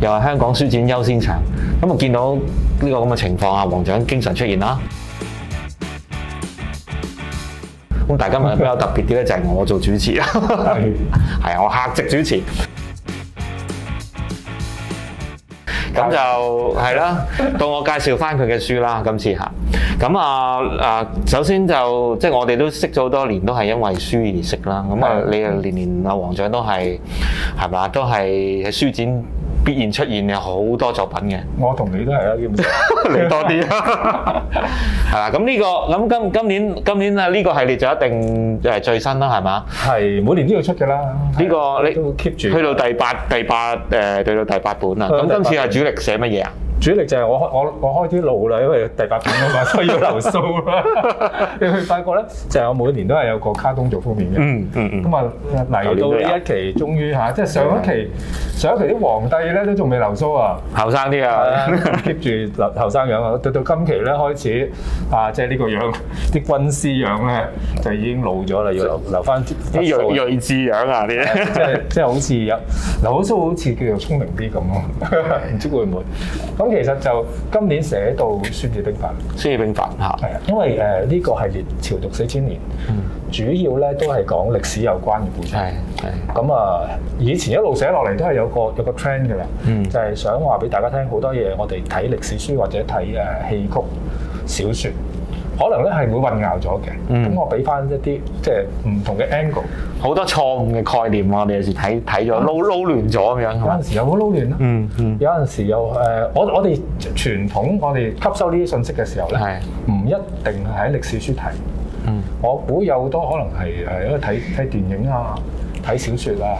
又係香港書展優先場，咁啊見到呢個咁嘅情況啊，黃獎經常出現啦。咁但係今日比較特別啲咧，就係我做主持，係啊， 我客席主持。咁 就係啦，到我介紹翻佢嘅書啦。今次吓，咁啊啊，首先就即係、就是、我哋都識咗好多年，都係因為書而識啦。咁啊，你啊年年啊黃獎都係係咪啊？都係喺書展。必然出現有好多作品嘅。我同你都係啊，要嚟多啲啊，係嘛？咁呢個咁今今年今年啊呢個系列就一定誒最新啦，係嘛？係每年都要出嘅啦。呢個你 keep 住去到第八、第八誒、呃、去到第八本啦。咁今次係主力寫乜嘢啊？主力就係我開我我開始老啦，因為第八集啊嘛，所以要留須啦。 你去泰國咧，就係、是、我每年都係有個卡通做封面嘅。嗯嗯嗯。咁 啊樂，嚟到呢一期，終於嚇，即係上一期嘗上一期啲皇帝咧都仲未留須啊，後生啲啊，keep 住留後生樣啊。到到今期咧開始啊，即係呢個樣，啲軍師樣咧就是、已經老咗啦，要留留翻啲睿睿智樣啊啲，即係即係好似有留須好似叫做聰明啲咁咯，唔 知會唔會咁？其實就今年寫到《孫子兵法》。孫子兵法嚇，係啊，因為誒呢個系列《朝讀四千年》，嗯、主要咧都係講歷史有關嘅故事。係係。咁啊，以前一路寫落嚟都係有個有個 trend 㗎啦，嗯、就係想話俾大家聽好多嘢，我哋睇歷史書或者睇誒戲曲小説。可能咧係會混淆咗嘅，咁、嗯、我俾翻一啲即係唔同嘅 angle，好多錯誤嘅概念，我哋有時睇睇咗撈撈亂咗咁樣，有陣時有冇撈亂啦，嗯嗯、有陣時又誒、呃，我我哋傳統我哋吸收呢啲信息嘅時候咧，唔係一定係喺歷史書睇，嗯、我估有好多可能係係因為睇睇電影啊。睇小説啦，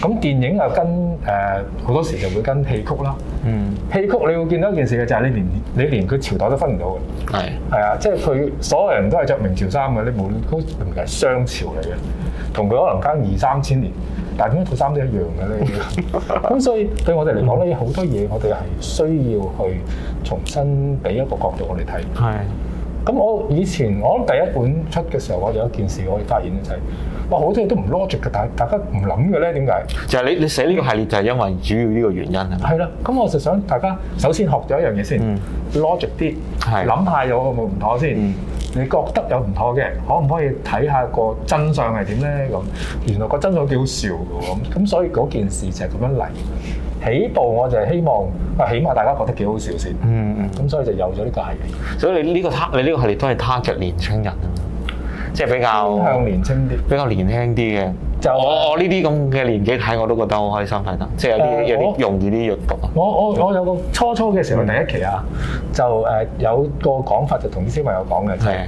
咁電影又跟誒好、呃、多時就會跟戲曲啦。嗯，戲曲你會見到一件事嘅就係你連你連佢朝代都分唔到嘅。係係啊，即係佢所有人都係着明朝衫嘅，你無論都唔係商朝嚟嘅，同佢可能爭二三千年，但係點解套衫都一樣嘅咧？咁 所以對我哋嚟講咧，好、嗯、多嘢我哋係需要去重新俾一個角度我哋睇。係。咁我以前我第一本出嘅時候，我有一件事我可以發現就係、是，哇好多嘢都唔 logic 嘅，大大家唔諗嘅咧，點解？就係你你寫呢個系列就係因為主要呢個原因係咪？係啦，咁我就想大家首先學咗一樣嘢先、嗯、，logic 啲，諗的下有冇唔妥先。嗯、你覺得有唔妥嘅，可唔可以睇下個真相係點咧？咁原來個真相幾好笑㗎，咁所以嗰件事就係咁樣嚟。起步我就係希望，啊起碼大家覺得幾好笑先，嗯嗯，咁所以就有咗呢個系列，所以你呢個 target，你呢個系列都係 target 年青人啊嘛，即係比較向年青啲，比較年輕啲嘅。就我我呢啲咁嘅年紀睇，我都覺得好開心睇得，即係有啲有啲容易啲閱讀啊！我我我，我有個初初嘅時候、嗯、第一期啊，就誒有個講法就同啲小朋友講嘅，就係、是的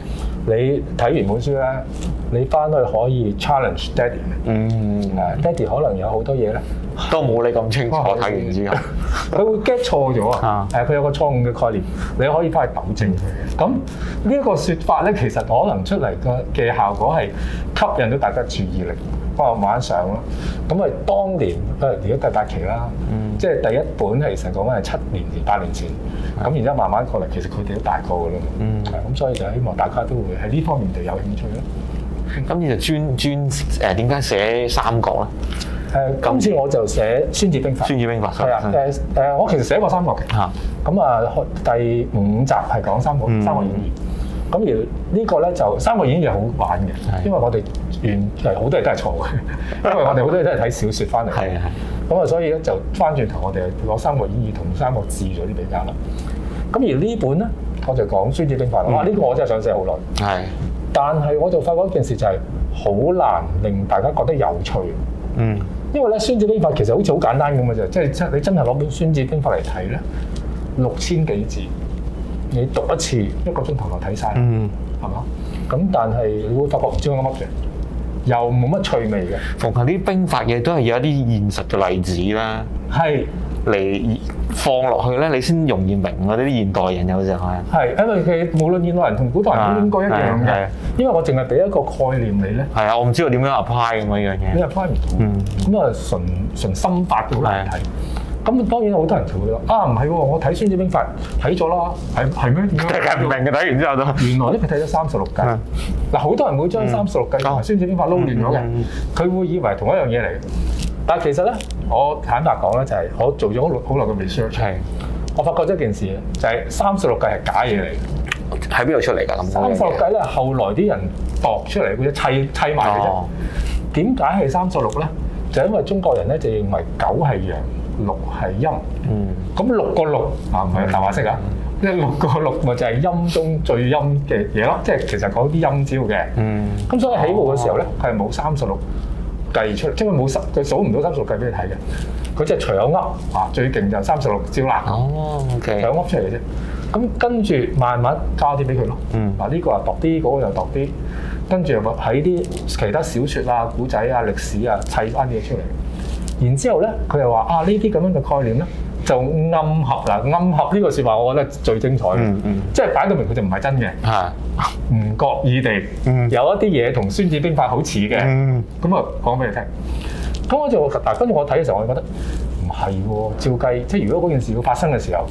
你睇完本書咧，你翻去可以 challenge daddy。嗯，嗯，啊，daddy 可能有好多嘢咧，都冇你咁清楚。睇完之後，佢、嗯、 會 get 錯咗啊！係啊，佢有個錯誤嘅概念，你可以翻去糾正佢。咁呢一個説法咧，其實可能出嚟嘅嘅效果係吸引到大家注意力。幫我慢慢上咯。咁啊，當年誒，而家第八期啦，即係第一本係成講緊係七年前、八年前。咁然之後慢慢過嚟，其實佢哋都大個噶啦。嗯，咁，所以就希望大家都會喺呢方面對有興趣咯。咁、嗯、你就專專誒點解寫三國咧？誒，今次我就寫《孫子兵法》。孫子兵法，係啊。誒誒的的、呃，我其實寫過三國嘅。嚇的！咁啊、嗯，第五集係講三國，三國演義。嗯。咁而呢個咧就《三國演義》好玩嘅的，因為我哋原係好多人都係錯嘅，因為我哋好多嘢都係睇小説翻嚟。係啊，咁啊，所以咧就翻轉頭，我哋攞《三國演義》同《三國志》做啲比較啦。咁而呢本咧，我就講《孫子兵法》嗯。哇，呢個我真係想寫好耐。係的，但係我就發覺一件事就係好難令大家覺得有趣。嗯，因為咧《孫子兵法》其實好似好簡單咁嘅啫，即係真你真係攞本《孫子兵法》嚟睇咧，六千幾字。你讀一次一個鐘頭就睇晒，係嘛？咁但係如果發覺唔知講乜嘅，又冇乜趣味嘅。逢係啲兵法嘢都係有一啲現實嘅例子啦，係嚟放落去咧，你先容易明，我呢啲現代人有時候係，係因為佢無論現代人同古代人都應該一樣嘅，因為我淨係俾一個概念你咧。係啊，我唔知道點樣 apply 咁啊一樣嘢。你 apply 唔到，咁啊純純心法嘅問題。咁當然好多人同佢哋啊，唔係喎！我睇《孫子兵法》睇咗啦，係係咩？點解唔明嘅？睇 完之後就原來呢？佢睇咗三十六計。嗱，好多人會將三十六計同、嗯《孫子兵法》撈亂咗嘅，佢會以為同一樣嘢嚟。但係其實咧，我坦白講咧，就係、是、我做咗好耐好耐個 research，我發覺咗一件事就係、是、三十六計係假嘢嚟。喺邊度出嚟㗎？三十六計咧，後來啲人度出嚟，好似砌砌埋嘅啫。點解係三十六咧？就是、因為中國人咧就認為九係陽。六係陰，嗯，咁六個六啊，唔係大話式啊，呢六、嗯、個六咪就係陰中最陰嘅嘢咯，即係其實講啲陰招嘅，嗯，咁所以起步嘅時候咧，係冇、哦、三十六計出嚟，即係冇十，佢數唔到三十六計俾你睇嘅，佢就除有噏啊，最勁就三十六招啦，哦，OK，有噏出嚟嘅啫，咁跟住慢慢加啲俾佢咯，嗯，嗱呢個又毒啲，嗰、那個又毒啲，跟住又喺啲其他小説啊、古仔啊、歷史啊砌翻啲嘢出嚟。然之後咧，佢又話：啊，呢啲咁樣嘅概念咧，就暗合啦，暗合呢個説話，我覺得最精彩嘅，即係擺到明佢就唔係真嘅。係，唔覺意地有一啲嘢同《孫子兵法》好似嘅，咁啊講俾你聽。咁我就嗱，跟住我睇嘅時候，我就覺得唔係喎，照計，即係如果嗰件事要發生嘅時候，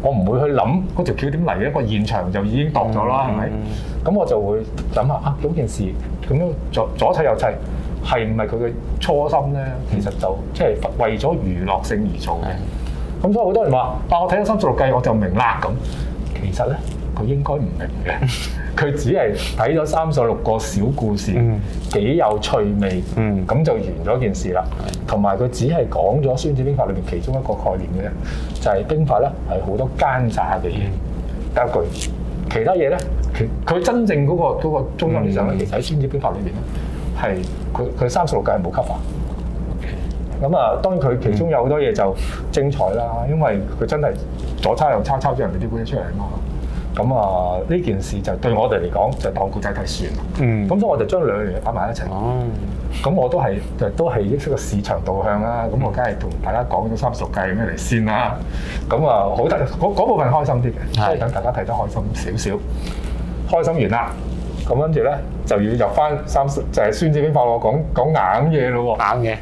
我唔會去諗嗰條橋點嚟嘅一個現場就已經擋咗啦，係咪？咁我就會諗下啊，件事咁樣左左砌右砌。係唔係佢嘅初心咧？其實就即係為咗娛樂性而做嘅。咁的所以好多人話：但、啊、我睇咗三十六計，我就明啦咁。其實咧，佢應該唔明嘅。佢 只係睇咗三十六個小故事，幾、嗯、有趣味。咁、嗯、就完咗件事啦。同埋佢只係講咗《孫子兵法》裏面其中一個概念嘅啫，就係、是、兵法咧係好多奸詐嘅嘢。一句、嗯，其他嘢咧，佢真正嗰、嗰個嗰個中文意思其實喺《孫子兵法》裏面咧。係佢，佢三十六計係無吸化，咁啊當然佢其中有好多嘢就精彩啦，因為佢真係左抄右抄抄咗人哋啲古出嚟啊嘛。咁啊呢件事就對我哋嚟講就當古仔睇算啦。嗯，咁所以我就將兩樣嘢擺埋一齊。哦、嗯，咁我都係就都係益出個市場導向啦。咁我梗係同大家講咗三十六計咩嚟先啦。咁啊好得嗰部分開心啲嘅，即係等大家睇得開心少少。是開心完啦。咁跟住咧就要入翻三，就係、是、孫子兵法。我講講硬嘢咯，硬嘢的，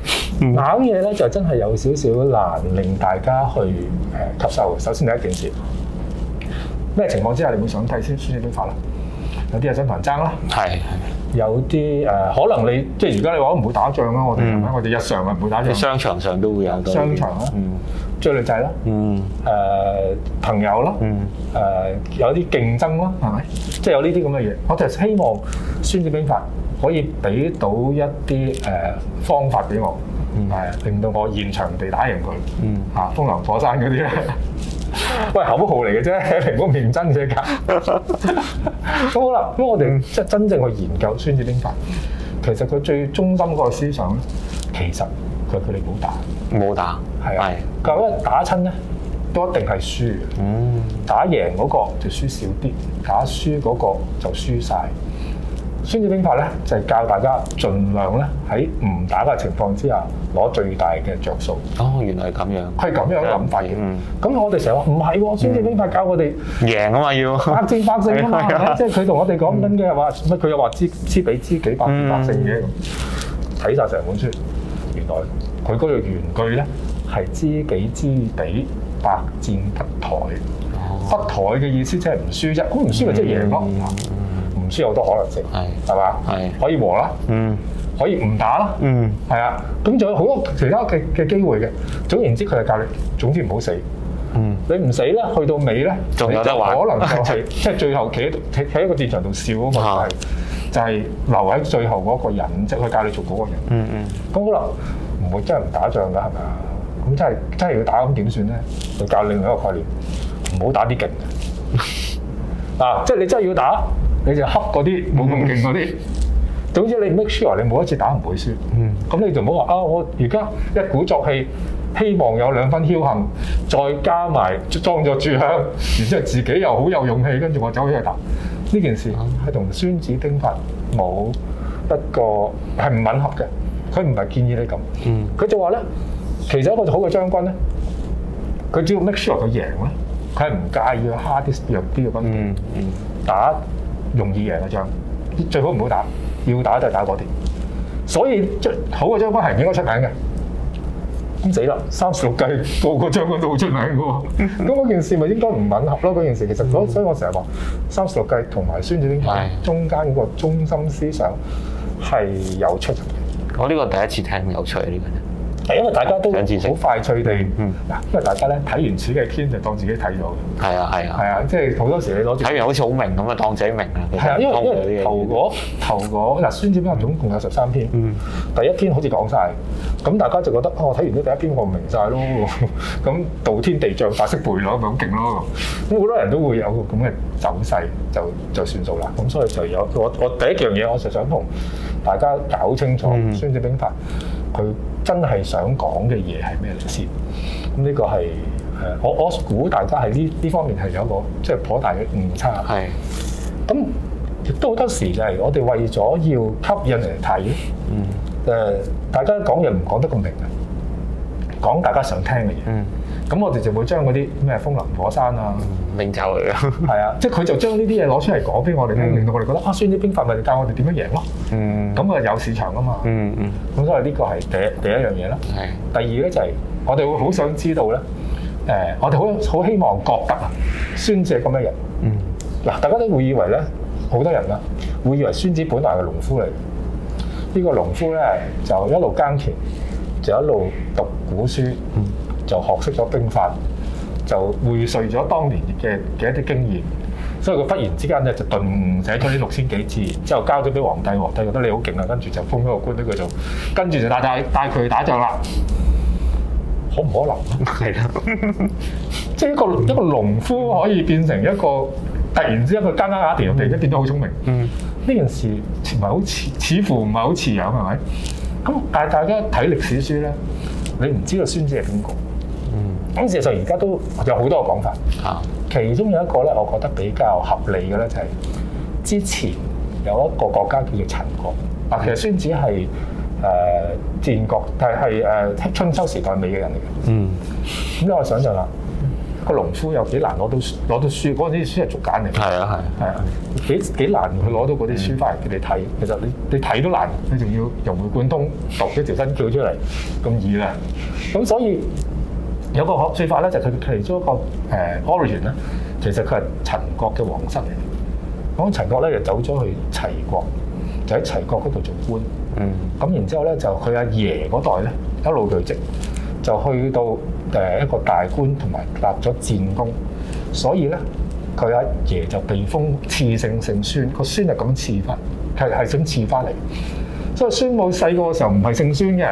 硬嘢咧就真係有少少難令大家去誒吸收。首先第一件事，咩情況之下你會想睇孫孫子兵法咧？有啲係想同人爭啦，係的有啲誒、呃，可能你即係而家你話唔會打仗啦，我哋我哋日常係唔會打仗，商場上都會有到，商場啊，嗯。追女仔係啦，誒、嗯呃、朋友啦，誒、嗯呃、有啲競爭啦，係咪？即係有呢啲咁嘅嘢。我就希望孫子兵法可以俾到一啲誒、呃、方法俾我，誒、呃、令到我現場地打贏佢，嚇、嗯啊、風林火山嗰啲咧， 喂口號嚟嘅啫，平講面真嘅。㗎。咁 好啦，咁我哋即係真正去研究孫子兵法，嗯、其實佢最中心嗰個思想咧，其實。其實佢哋冇打，冇打，係啊。咁一打親咧，都一定係輸。嗯，打贏嗰個就輸少啲，打輸嗰個就輸晒。孫子兵法咧就係教大家盡量咧喺唔打嘅情況之下攞最大嘅着數。哦，原來係咁樣，係咁樣諗法嘅。咁、嗯、我哋成日話唔係喎，孫子兵法教我哋贏啊嘛要，百、嗯、的戰百勝啊嘛。即係佢同我哋講緊嘅係話，乜佢又話知知彼知己百戰百勝嘅咁，睇晒成本書，原來。原來原來佢嗰個原句咧係知己知彼，百戰不殆。不殆嘅意思即係唔輸啫，咁唔輸咪即係贏咯，唔輸有好多可能性，係係嘛？係可以和啦，嗯，可以唔打啦，嗯，係啊，咁仲有好多其他嘅嘅機會嘅。總言之，佢係教你總之唔好死。嗯，你唔死咧，去到尾咧，仲有得玩，可能就係即係最後企喺喺一個戰場度笑嗰個係就係留喺最後嗰個人，即係佢教你做嗰個人。嗯嗯，咁嗱。唔會真係唔打仗㗎，係咪啊？咁、嗯、真係真係要打咁點算咧？我教另外一個概念，唔好打啲勁 啊！即係你真係要打，你就恰嗰啲冇咁勁嗰啲。嗯、總之你 make sure 你每一次打唔會輸。嗯，咁你就唔好話啊！我而家一鼓作氣，希望有兩分僥倖，再加埋裝咗炷香，然之後自己又好有勇氣，跟住我走咗去打，呢件事係同孫子兵法冇一個係唔吻合嘅。佢唔係建議你咁，佢就話咧，其實一個好嘅將軍咧，佢只要 make sure 佢贏咧，佢係唔介意去 hardiest 邊個邊個軍、嗯，嗯、打容易贏嘅仗，最好唔好打，要打就打嗰啲。所以將好嘅將軍係唔應該出名嘅，咁死啦，三十六計個個將軍都好出名嘅喎，咁嗰件事咪應該唔吻合咯？嗰件事其實所以我成日話三十六計同埋孫子兵法中間嗰個中心思想係有出入。我呢個第一次聽，有趣啲嘅。係因為大家都好快脆地，嗯，嗱，因為大家咧睇完此嘅篇就當自己睇咗。係啊，係啊。係啊，即係好多時你攞住睇完好似好明咁啊，當自己明啊。係啊，因為因為頭嗰頭嗰嗱，孫子兵法總共有十三篇。嗯。第一篇好似講晒。咁大家就覺得哦，睇完咗第一篇我明晒咯，咁道天地將法識背啦，咪好勁咯。咁好多人都會有咁嘅走勢，就就算數啦。咁所以就有我我第一樣嘢，我就想同大家搞清楚《嗯、孫子兵法》，佢真係想講嘅嘢係咩嚟先？咁呢個係誒，我我估大家喺呢呢方面係有一個即係頗大嘅誤差。係咁是，亦都好多時就係我哋為咗要吸引人睇，誒、呃，大家講嘢唔講得咁明啊，講大家想聽嘅嘢。嗯咁我哋就會將嗰啲咩風林火山啊，名就嚟咯，係啊，即係佢就將呢啲嘢攞出嚟講俾我哋聽，嗯、令到我哋覺得啊，孫子兵法咪教我哋點樣贏咯。嗯，咁啊有市場噶嘛。嗯嗯。咁、嗯、所以呢個係第第一樣嘢啦。係。第，是第二咧就係、是、我哋會好想知道咧，誒、嗯呃，我哋好好希望覺得啊，孫子係個咩人？嗯。嗱，大家都會以為咧，好多人啊，會以為孫子本來係農夫嚟，呢、這個農夫咧就一路耕田，就一路讀古書。嗯。就學識咗兵法，就匯碎咗當年嘅嘅一啲經驗，所以佢忽然之間咧就頓寫咗呢六千幾字，之後交咗俾皇帝，皇帝覺得你好勁啊，跟住就封咗個官俾佢做，跟住就帶帶帶佢去打仗啦。可唔、嗯、可能嚟、啊、㗎？即係 一個、嗯、一個農夫可以變成一個突然之間佢加加耕阿田地，一變得好聰明。嗯，呢件事唔係好似似乎唔係好似咁係咪？咁但係大家睇歷史書咧，你唔知道個孫子係邊個。嗯，咁事實上而家都有好多個講法吓，嗯、其中有一個咧，我覺得比較合理嘅咧就係之前有一個國家叫做陳國啊。嗯、其實孫子係誒戰國，但係誒、啊、春秋時代尾嘅人嚟嘅。嗯，咁我想象啦，嗯、個農夫有幾難攞到攞到書，嗰陣時書係竹簡嚟嘅，係啊係係啊，幾幾、啊啊嗯、難去攞到嗰啲書翻嚟俾你睇。其實你你睇都難，你仲要融會貫通讀幾條新橋出嚟，咁易啦。咁所以。有個學説法咧，就係、是、佢其中一個誒 origin 咧，其實佢係陳國嘅王室嚟。講陳國咧，就走咗去齊國，就喺齊國嗰度做官。嗯，咁然之後咧，就佢阿爺嗰代咧，一路累積就去到誒一個大官，同埋立咗戰功，所以咧佢阿爺就被封賜姓姓孫，個孫就咁賜法，係係想賜翻嚟。所以孫武細個嘅時候唔係姓孫嘅，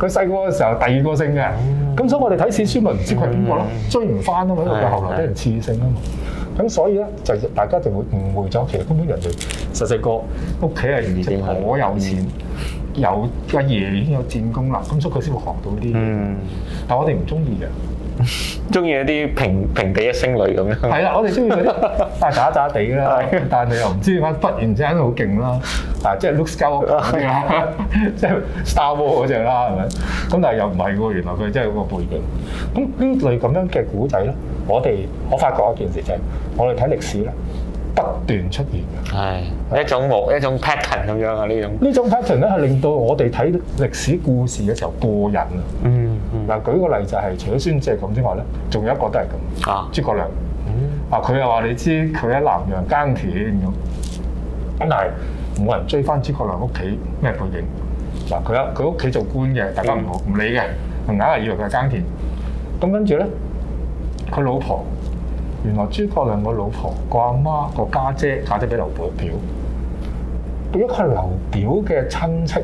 佢細個嘅時候第二個姓嘅。咁所以我哋睇史書咪唔知佢係邊個咯，嗯、追唔翻啊嘛，因為佢後來俾人刺性啊嘛，咁的所以咧就大家就會誤會咗，其實根本人哋細細個屋企係真係好有錢，有阿爺已經有戰功啦，咁所以佢先會學到啲嘢，嗯、但我哋唔中意嘅。中意一啲平平地一聲雷咁樣，係啦，我哋中意，但係渣渣地啦，但係你又唔知點解，忽然之間好勁啦。嗱，即係 looks good，即係 Star Wars 嗰隻啦，係咪？咁但係又唔係喎，原來佢真係有個背景。咁呢類咁樣嘅古仔咧，我哋我發覺一件事就係，我哋睇歷史咧。不斷出現嘅係一種模一種 pattern 咁樣啊！呢種呢種 pattern 咧係令到我哋睇歷史故事嘅時候過癮啊、嗯！嗯嗱舉個例就係、是、除咗孫哲咁之外咧，仲有一個都係咁啊！諸葛亮啊，佢又話你知佢喺南陽耕田咁，咁但係冇人追翻諸葛亮屋企咩背景？嗱，佢佢屋企做官嘅，大家唔好唔理嘅，硬係、嗯、以為佢係耕田。咁跟住咧，佢老婆。原來諸葛亮個老婆個阿媽個家姐嫁咗俾劉表，變咗佢係劉表嘅親戚。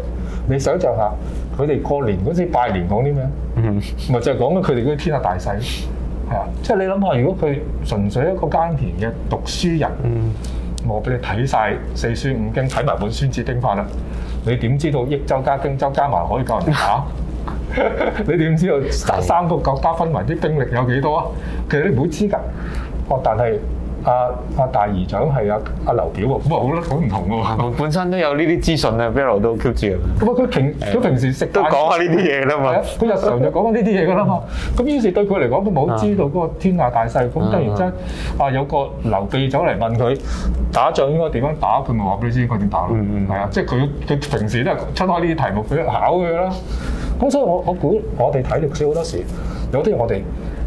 你想像下，佢哋過年嗰陣拜年講啲咩？咪、mm hmm. 就係講緊佢哋嗰啲天下大勢。係即係你諗下，如果佢純粹一個耕田嘅讀書人，mm hmm. 我俾你睇晒《四書五經》，睇埋本《孫子兵法》啦，你點知道益州加荊州加埋可以教人打？ 一你點知道三個國家分埋啲兵力有幾多啊？其實你唔好知㗎。哦一，但係阿阿大姨丈係阿阿劉表喎，咁啊好啦，好唔同喎。嗯、本身都有呢啲資訊啊，俾劉都 keep 咁佢平佢平時食都講下呢啲嘢啦嘛。佢日一常就講下呢啲嘢㗎啦嘛。咁 一於是對佢嚟講，都冇知道嗰個天下大勢。咁突然間啊，一一有，個，有個劉備走嚟問佢打仗應該點樣打，佢咪話俾你知佢點打咯？嗯啊，即係佢佢平時都係出開呢啲題目俾佢考佢啦。咁、嗯、所以我我估我哋睇歷史好多時有啲我哋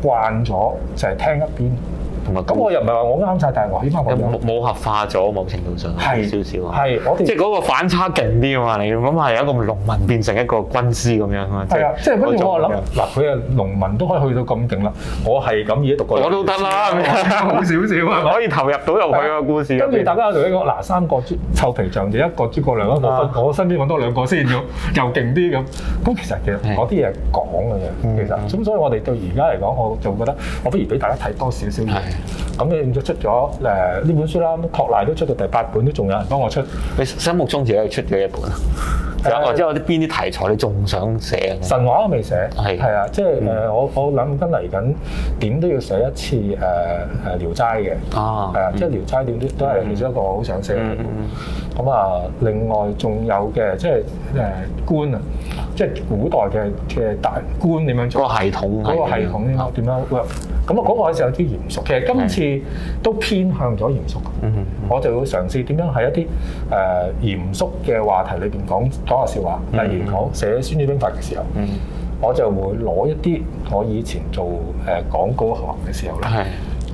慣咗，就係、是、聽一邊。咁我又唔係話我啱晒，但係我起碼我冇冇合化咗某程度上少少，係即係嗰個反差勁啲啊嘛，你諗下係一個農民變成一個軍師咁樣啊啊，即係不如我諗嗱，佢啊農民都可以去到咁勁啦，我係咁而家讀過，我都得啦，好少少，可以投入到入去個故事。跟住大家做一個嗱，三個臭皮匠，就一個諸葛亮，一個我身邊揾多兩個先咗，又勁啲咁。咁其實其實我啲嘢講嘅啫，其實咁所以我哋對而家嚟講，我就覺得我不如俾大家睇多少少。咁你唔再出咗誒呢本書啦，托賴都出到第八本，都仲有人幫我出。你心目中自己出一本啊？有、呃，即係有啲邊啲題材你仲想寫？神話都未寫，係係是啊，即係誒、嗯、我我諗緊嚟緊點都要寫一次誒誒聊齋嘅，係啊，啊嗯、即係聊齋點都都係其中一個我好想寫嘅。咁啊、嗯，嗯嗯、另外仲有嘅即係誒、呃、官啊。即係古代嘅嘅大官點樣做個系統，個系統點樣點樣咁，啊，嗰個時候有啲嚴肅，其實今次都偏向咗嚴肅。嗯的我就要嘗試點樣喺一啲誒、呃、嚴肅嘅話題裏邊講講下笑話。例如講寫《孫子兵法》嘅時候，的我就會攞一啲我以前做誒廣告行嘅時候咧，的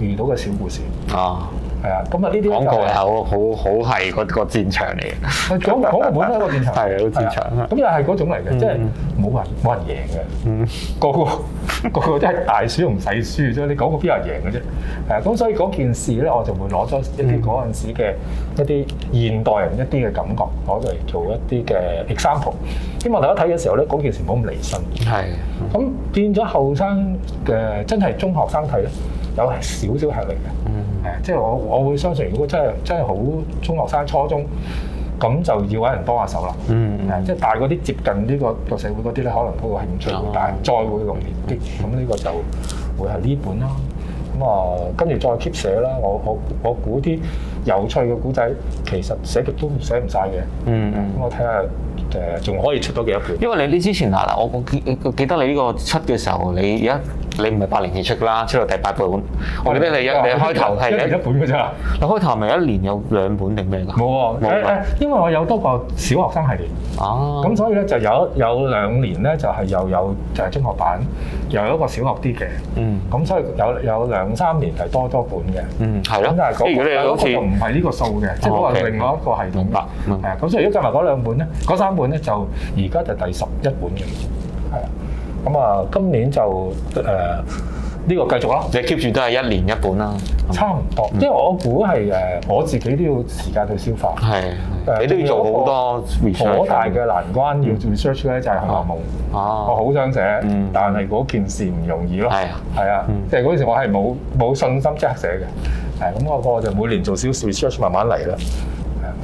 遇到嘅小故事。啊！係啊，咁啊呢啲廣告係好好好係嗰個戰場嚟嘅。係，廣告廣告本身一個戰場。係個戰場。咁又係嗰種嚟嘅，即係冇人冇人贏嘅。嗯。個個個個都係大輸唔使輸啫。你廣告邊有人贏嘅啫？係啊。咁所以嗰件事咧，我就會攞咗一啲嗰陣時嘅一啲現代人一啲嘅感覺，攞咗嚟做一啲嘅 example。希望大家睇嘅時候咧，嗰件事冇咁離身。係。咁變咗後生嘅真係中學生睇咧，有少少吸引力嘅。誒，即係我我會相信，如果真係真係好中學生初中，咁就要搵人幫下手啦。嗯，即係大嗰啲接近呢個個社會嗰啲咧，可能嗰個興趣大，嗯、但再會容易激。咁呢個就會係呢本啦。咁、嗯、啊，跟住再 keep 寫啦。我我我估啲有趣嘅古仔，其實寫極都寫唔晒嘅。嗯嗯。咁我睇下誒，仲可以出到幾多本？因為你呢之前嗱，我我記得你呢個出嘅時候，你而家。你唔係八零年出啦，出到第八本。我哋俾你一，你一開頭係一一本嘅咋。你開頭係咪一年有兩本定咩㗎？冇喎，因為我有多個小學生系列。哦。咁所以咧就有有兩年咧就係又有就係中學版，又有一個小學啲嘅。嗯。咁所以有有兩三年係多多本嘅。嗯，係咯。如果你係好似唔係呢個數嘅，即係可能另外一個系統啦。係啊，咁所以如果加埋嗰兩本咧，嗰三本咧就而家就第十一本嘅。咁啊，今年就誒呢個繼續啦。你 keep 住都係一年一本啦，差唔多。因為我估係誒我自己都要時間去消化，係你都要做好多好大嘅難關要 research 咧，就係《紅樓夢》。哦，我好想寫，但係嗰件事唔容易咯。係啊，係啊，即係嗰時我係冇冇信心即刻寫嘅。係咁，我個就每年做少少 research，慢慢嚟啦。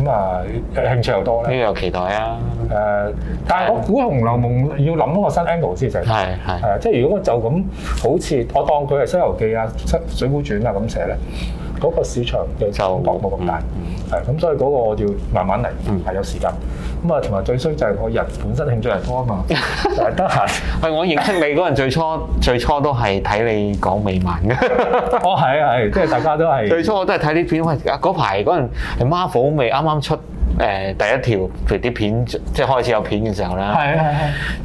咁啊，興趣又多呢，都有期待啊！誒、呃，但係我估《紅樓夢》要諗個新 angle 先，就係係係，即係如果就咁，好似我當佢係《西遊記》啊、啊《七水滸傳》啊咁寫咧。嗰個市場就搏冇咁大，係咁、嗯嗯、所以嗰個我要慢慢嚟，係有時間。咁啊，同埋最衰就係我人本身興趣係多啊嘛，就係得閒。喂，我認識你嗰陣，最初 最初都係睇你講美漫嘅。哦，係啊，係，即係大家都係。 最初我都係睇啲片，喂，嗰排嗰陣係 Marvel 未啱啱出。誒第一條，譬如啲片即係開始有片嘅時候咧，係係係。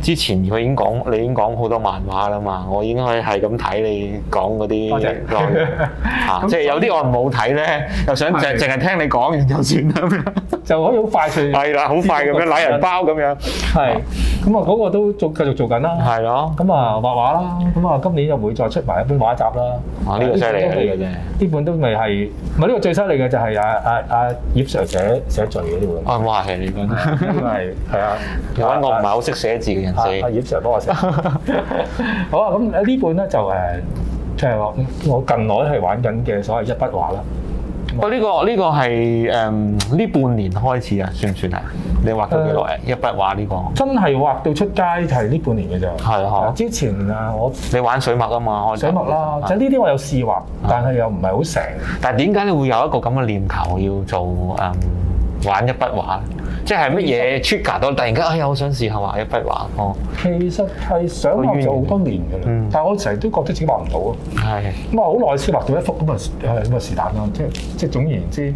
之前佢已經講，你已經講好多漫畫啦嘛，我已經可以係咁睇你講嗰啲內容啊，即係有啲我唔好睇咧，又想淨淨係聽你講，完就算啦咁樣，就可以好快速係啦，好快咁樣懶人包咁樣，係。咁啊嗰個都做繼續做緊啦，係咯。咁啊畫畫啦，咁啊今年又會再出埋一本畫集啦。呢個犀利嘅，呢本都未係，唔係呢個最犀利嘅就係阿阿阿葉 sir 寫寫作啊！冇話題，你揾，因為係啊，我唔係好識寫字嘅人，所以阿葉 Sir 幫我寫。好啊，咁呢本咧就誒，即係我我近來係玩緊嘅所謂一筆畫啦。哦，呢個呢個係誒呢半年開始啊，算唔算啊？你畫到幾耐？一筆畫呢個真係畫到出街，就係呢半年嘅啫。係啊，之前啊，我你玩水墨啊嘛，我水墨啦，就呢啲我有試畫，但係又唔係好成。但係點解你會有一個咁嘅念頭要做誒？玩一筆畫，即係乜嘢 trigger 到突然間哎，哎呀，我想試下畫一筆畫。哦，其實係想畫咗好多年㗎喇，冤但係我成日都覺得自己畫唔到啊。係的，咁啊好耐先畫到一幅，對對，咁啊咁啊是但啦。即係即係總言之，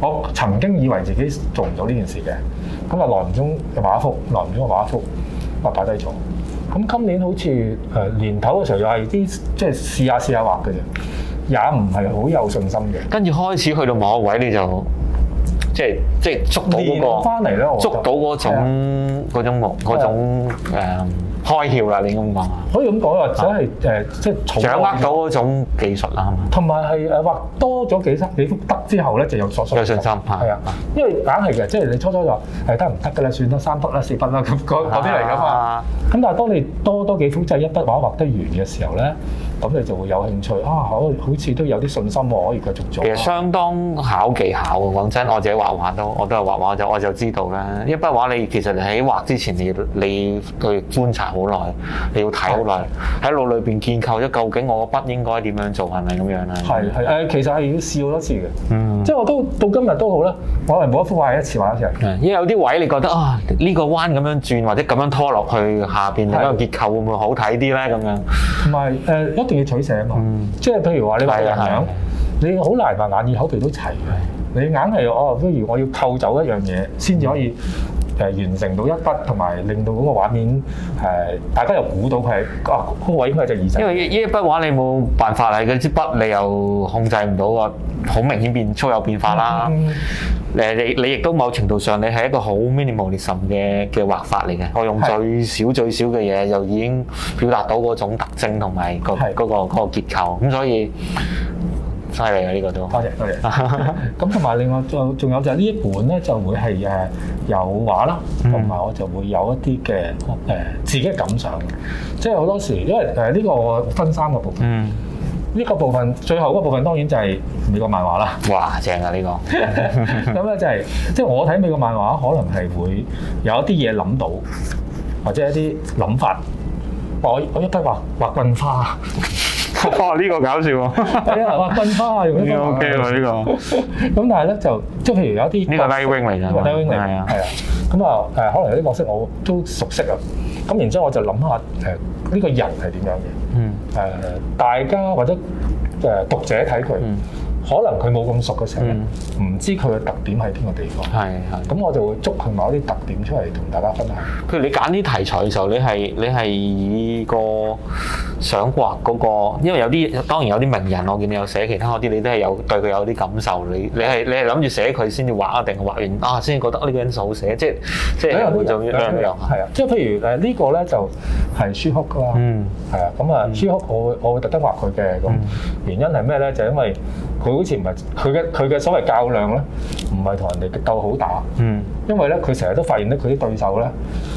我曾經以為自己做唔到呢件事嘅。咁啊，耐唔中畫一幅，耐唔中畫一幅，畫，擺低咗。咁今年好似誒年頭嘅時候，又係啲即係試下試下畫嘅啫，也唔係好有信心嘅。跟住開始去到某一位對你就。即係即係捉到嗰個，捉到嗰種嗰種個嗰種開竅啦！你咁講啊？可以咁講啊！即係誒，即係掌握到嗰種技術啦，同埋係誒畫多咗幾筆幾幅得之後咧，就有所有信心嚇。係啊，因為硬係嘅，即係你初初就話係得唔得㗎啦？算得三筆啦，四筆啦，咁嗰啲嚟㗎嘛。咁但係當你多多幾幅即係一筆畫畫得完嘅時候咧。咁你就會有興趣啊！好似都有啲信心喎，可以繼續做。其實相當考技巧喎。講真，我自己畫畫都，我都係畫畫就我就知道啦。一筆畫你其實喺畫之前，你你對觀察好耐，你要睇好耐，喺腦裏邊建構咗究竟我筆應該點樣做，係咪咁樣咧？係係誒，其實係要試好多次嘅。嗯，即係我都到今日都好啦，我係每一幅畫一次畫一次。係，因為有啲位你覺得啊，呢個彎咁樣轉，或者咁樣拖落去下邊嗰個結構是會唔會好睇啲咧？咁樣。同埋誒一定要取捨啊嘛。嗯、即係譬如話你話的人樣，你好難話眼耳口鼻都齊嘅，的你硬係哦，不如我要扣走一樣嘢先至可以。嗯嗯誒完成到一筆，同埋令到嗰個畫面誒、呃，大家又估到係啊，嗰個位應該係隻耳仔。因為呢一筆畫你冇辦法啊，嗰支筆你又控制唔到啊，好明顯變粗有變化啦。誒、嗯、你你亦都某程度上你係一個好 minimalism、um、嘅嘅畫法嚟嘅，我用最少最少嘅嘢又已經表達到嗰種特徵同埋、嗰個嗰的個嗰結構，咁所以。犀利啊！呢、這個都多謝多謝。咁同埋另外仲仲有就係呢一本咧，就 會係誒有畫啦，同埋我就會有一啲嘅誒自己嘅感想即係好多時，因為誒呢個分三、嗯、個部分。呢個部分最後嗰部分當然就係美國漫畫啦。哇！正、這個、啊！呢個咁咧就係即係我睇美國漫畫，可能係會有一啲嘢諗到，或者一啲諗法。我我一筆畫畫棍花。呢、 哦呢個搞笑喎，哇！ 燉花用呢個，呢個 OK 喎呢個。咁但係咧就即係譬如有啲呢個低 wing 嚟㗎，低 wing 嚟，係啊係啊。咁啊誒，可能有啲角色我都熟悉啊。咁然之後我就諗下誒呢個人係點樣嘅？嗯誒，大家或者誒讀者睇佢。嗯可能佢冇咁熟嘅時候，唔、嗯、知佢嘅特點喺邊個地方。係，咁我就會捉佢某啲特點出嚟同大家分享。譬如你揀啲題材嘅時候，你係你係以個想畫嗰、嗰個，因為有啲當然有啲名人，我見你有寫其他嗰啲，你都係有、嗯、對佢有啲感受。你你係你係諗住寫佢先至畫,畫啊，定畫完啊先覺得呢個人好寫，即係即係。誒，都的有都有都有。係啊，即係譬如誒呢個咧就係舒克㗎嘛。嗯，係啊，咁啊舒克我會我會特登畫佢嘅咁原因係咩咧？就係、因為。因為佢好似唔係佢嘅佢嘅所謂較量咧，唔係同人哋鬥好打。嗯，因為咧佢成日都發現咧，佢啲對手咧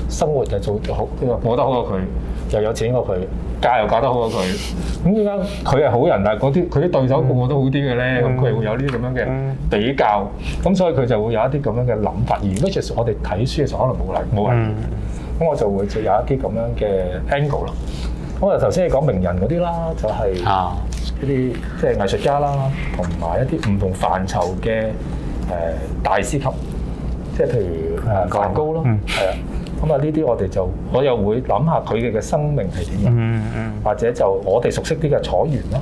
生活就做好，佢係過得好過佢，又有錢過佢，嫁又嫁得好過佢。咁而家，佢係好人但嗰啲佢啲對手過我都好啲嘅咧？咁佢會有呢啲咁樣嘅比較，咁所以佢就會有一啲咁樣嘅諗法。而如果其實我哋睇書嘅時候，可能冇嚟冇嚟，咁我就會有一啲咁樣嘅 angle 咯。咁啊頭先你講名人嗰啲啦，就係啊。一啲即係藝術家啦，同埋一啲唔同範疇嘅誒大師級，即係譬如梵高咯，係啊、嗯，咁啊呢啲我哋就我又會諗下佢哋嘅生命係點樣，嗯嗯、或者就我哋熟悉啲嘅楚原咯，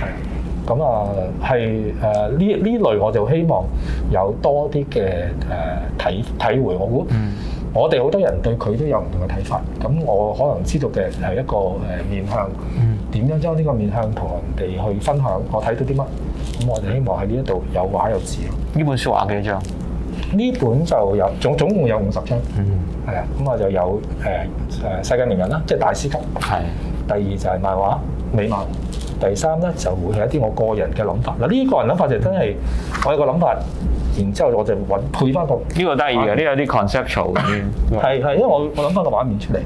係咁、嗯、啊係誒呢呢類我就希望有多啲嘅誒體體會，我估。嗯我哋好多人對佢都有唔同嘅睇法，咁我可能知道嘅係一個誒面向，點、嗯、樣將呢個面向同人哋去分享？我睇到啲乜，咁我哋希望喺呢一度有畫有字。呢本書畫幾多張？呢本就有總總共有五十張，係啊、嗯，咁、嗯、我就有誒誒、呃、世界名人啦，即係大師級。係的。第二就係漫畫美漫，第三咧就會係一啲我個人嘅諗法。嗱、這、呢個諗法就真、是、係我有個諗法。然之後我就揾配翻個、嗯，呢 個得意嘅，呢個有啲 conceptual 嘅。係係，因為我我諗翻個畫面出嚟，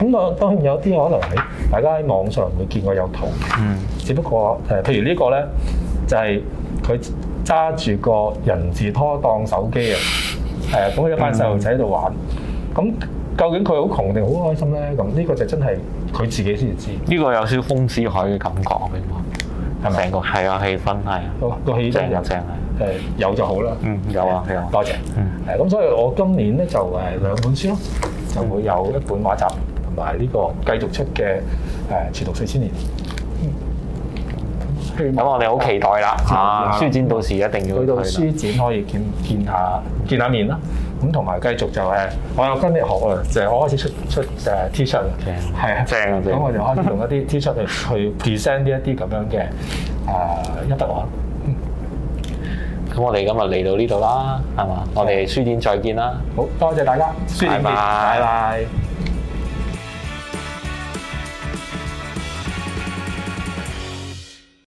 咁個當然有啲可能喺大家喺網上會見過有圖。嗯。只不過誒，譬如呢、呢個咧，就係佢揸住個人字拖當手機啊。係啊，咁佢一班細路仔喺度玩。咁對 究竟佢好窮定好開心咧？咁呢個就真係佢自己先至知。呢個有少少風之海嘅感覺，我認為係咪啊？係啊，氣氛係啊，個氣靜又正。誒有就好啦，嗯，有啊，係啊，多謝，嗯，誒咁所以我今年咧就誒兩本書咯，就會有一本畫集同埋呢個繼續出嘅誒《潮讀四千年》，嗯，咁我哋好期待啦，啊，書展到時一定要去到書展可以見見下見下面啦，咁同埋繼續就誒我有跟你學啊，就係我開始出出誒 T-shirt，正，啊，正，咁我就可以用一啲 T-shirt 去去 present 呢一啲咁樣嘅誒一筆畫。咁我哋今日嚟到呢度啦，係嘛？對 我哋書展再見啦！好多謝大家，書展見，拜拜見。